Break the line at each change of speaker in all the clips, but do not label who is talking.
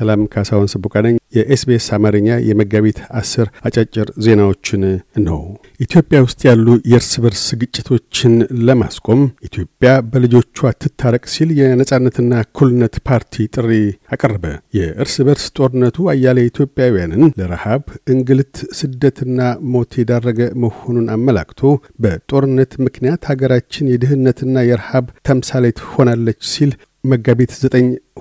ሰላም ካሳውን ስቡቃ የኤስቢኤስ አማርኛ የመጋቢት አስር አጫጭር ዜናዎችን ነው። ኢትዮጵያ ውስጥ ያሉ የእርስ በርስ ግጭቶችን ለማስቆም ኢትዮጵያ በልጆቿ ትታረቅ ሲል የነጻነትና እኩልነት ፓርቲ ጥሪ አቀረበ። የእርስ በርስ ጦርነቱ አያሌ ኢትዮጵያውያንን ለረሃብ፣ እንግልት፣ ስደትና ሞት የዳረገ መሆኑን አመላክቶ በጦርነት ምክንያት ሀገራችን የድህነትና የረሃብ ተምሳሌት ሆናለች ሲል መጋቢት 9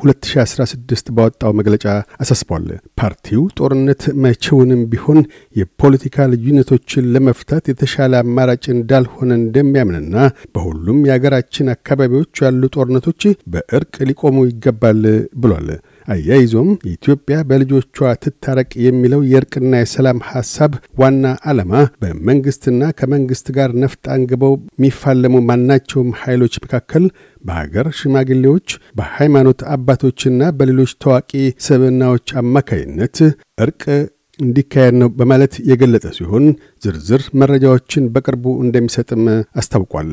2016 ባወጣው መግለጫ አሳስቧል። ፓርቲው ጦርነት መቼውንም ቢሆን የፖለቲካ ልዩነቶችን ለመፍታት የተሻለ አማራጭ እንዳልሆነ እንደሚያምንና በሁሉም የአገራችን አካባቢዎች ያሉ ጦርነቶች በእርቅ ሊቆሙ ይገባል ብሏል። አያይዞም ኢትዮጵያ በልጆቿ ትታረቅ የሚለው የእርቅና የሰላም ሐሳብ ዋና ዓላማ በመንግሥትና ከመንግሥት ጋር ነፍጥ አንግበው የሚፋለሙ ማናቸውም ኃይሎች መካከል በሀገር ሽማግሌዎች፣ በሃይማኖት አባቶችና በሌሎች ታዋቂ ስብናዎች አማካይነት እርቅ እንዲካሄድ ነው በማለት የገለጠ ሲሆን ዝርዝር መረጃዎችን በቅርቡ እንደሚሰጥም አስታውቋል።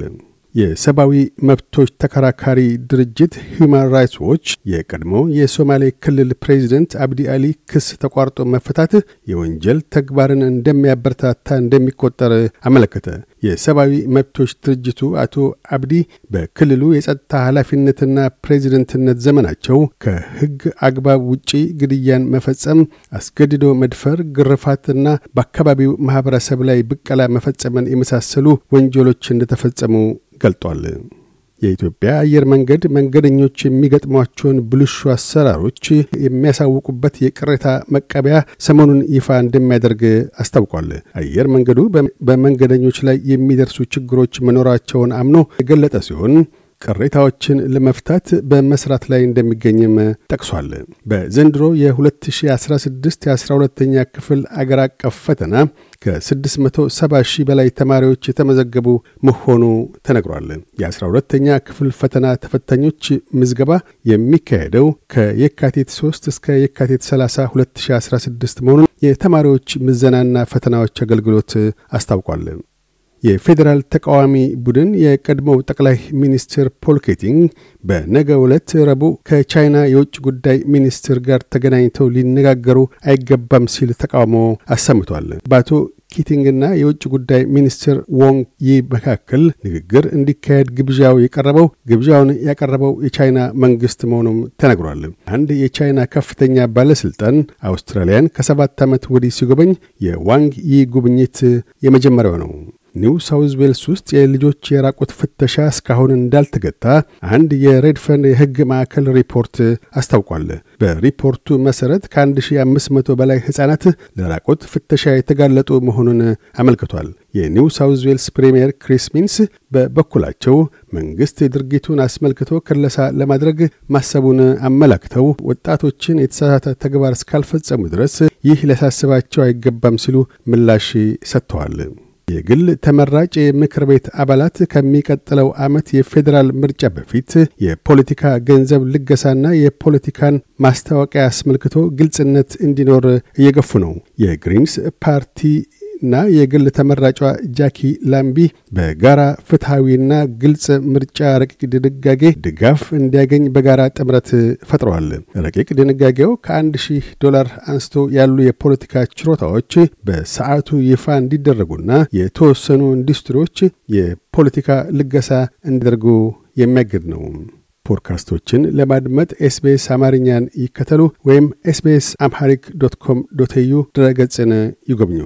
የሰብአዊ መብቶች ተከራካሪ ድርጅት ሁማን ራይትስ ዎች የቀድሞ የሶማሌ ክልል ፕሬዚደንት አብዲ አሊ ክስ ተቋርጦ መፈታት የወንጀል ተግባርን እንደሚያበረታታ እንደሚቆጠር አመለከተ። የሰብአዊ መብቶች ድርጅቱ አቶ አብዲ በክልሉ የጸጥታ ኃላፊነትና ፕሬዚደንትነት ዘመናቸው ከሕግ አግባብ ውጪ ግድያን መፈጸም፣ አስገድዶ መድፈር፣ ግርፋትና በአካባቢው ማኅበረሰብ ላይ ብቀላ መፈጸመን የመሳሰሉ ወንጀሎች እንደተፈጸሙ ገልጧል። የኢትዮጵያ አየር መንገድ መንገደኞች የሚገጥሟቸውን ብልሹ አሰራሮች የሚያሳውቁበት የቅሬታ መቀበያ ሰሞኑን ይፋ እንደሚያደርግ አስታውቋል። አየር መንገዱ በመንገደኞች ላይ የሚደርሱ ችግሮች መኖራቸውን አምኖ የገለጠ ሲሆን ቅሬታዎችን ለመፍታት በመስራት ላይ እንደሚገኝም ጠቅሷል። በዘንድሮ የ2016 የ12ኛ ክፍል አገር አቀፍ ፈተና ከ670 ሺህ በላይ ተማሪዎች የተመዘገቡ መሆኑ ተነግሯል። የ12ተኛ ክፍል ፈተና ተፈታኞች ምዝገባ የሚካሄደው ከየካቲት 3 እስከ የካቲት 30 2016 መሆኑን የተማሪዎች ምዘናና ፈተናዎች አገልግሎት አስታውቋል። የፌዴራል ተቃዋሚ ቡድን የቀድሞው ጠቅላይ ሚኒስትር ፖል ኬቲንግ በነገ ዕለት ረቡ ከቻይና የውጭ ጉዳይ ሚኒስትር ጋር ተገናኝተው ሊነጋገሩ አይገባም ሲል ተቃውሞ አሰምቷል። በአቶ ኪቲንግና የውጭ ጉዳይ ሚኒስትር ዎንግ ይ መካከል ንግግር እንዲካሄድ ግብዣው የቀረበው ግብዣውን ያቀረበው የቻይና መንግስት መሆኑም ተነግሯል። አንድ የቻይና ከፍተኛ ባለስልጣን አውስትራሊያን ከሰባት ዓመት ወዲህ ሲጎበኝ የዋንግ ይ ጉብኝት የመጀመሪያው ነው። ኒው ሳውዝ ዌልስ ውስጥ የልጆች የራቁት ፍተሻ እስካሁን እንዳልተገታ አንድ የሬድፈን የሕግ ማዕከል ሪፖርት አስታውቋል። በሪፖርቱ መሠረት ከ1500 በላይ ሕፃናት ለራቁት ፍተሻ የተጋለጡ መሆኑን አመልክቷል። የኒው ሳውዝ ዌልስ ፕሪምየር ክሪስ ሚንስ በበኩላቸው መንግሥት ድርጊቱን አስመልክቶ ክለሳ ለማድረግ ማሰቡን አመላክተው ወጣቶችን የተሳሳተ ተግባር እስካልፈጸሙ ድረስ ይህ ሊያሳስባቸው አይገባም ሲሉ ምላሽ ሰጥተዋል። የግል ተመራጭ የምክር ቤት አባላት ከሚቀጥለው ዓመት የፌዴራል ምርጫ በፊት የፖለቲካ ገንዘብ ልገሳና የፖለቲካን ማስታወቂያ አስመልክቶ ግልጽነት እንዲኖር እየገፉ ነው። የግሪንስ ፓርቲ እና የግል ተመራጯ ጃኪ ላምቢ በጋራ ፍትሐዊና ግልጽ ምርጫ ረቂቅ ድንጋጌ ድጋፍ እንዲያገኝ በጋራ ጥምረት ፈጥረዋል። ረቂቅ ድንጋጌው ከአንድ ሺህ ዶላር አንስቶ ያሉ የፖለቲካ ችሮታዎች በሰዓቱ ይፋ እንዲደረጉና የተወሰኑ ኢንዱስትሪዎች የፖለቲካ ልገሳ እንዲደርጉ የሚያግድ ነው። ፖድካስቶችን ለማድመጥ ኤስቤስ አማርኛን ይከተሉ ወይም ኤስቤስ አምሐሪክ ዶት ኮም ዶት ዩ ድረገጽን ይጎብኙ።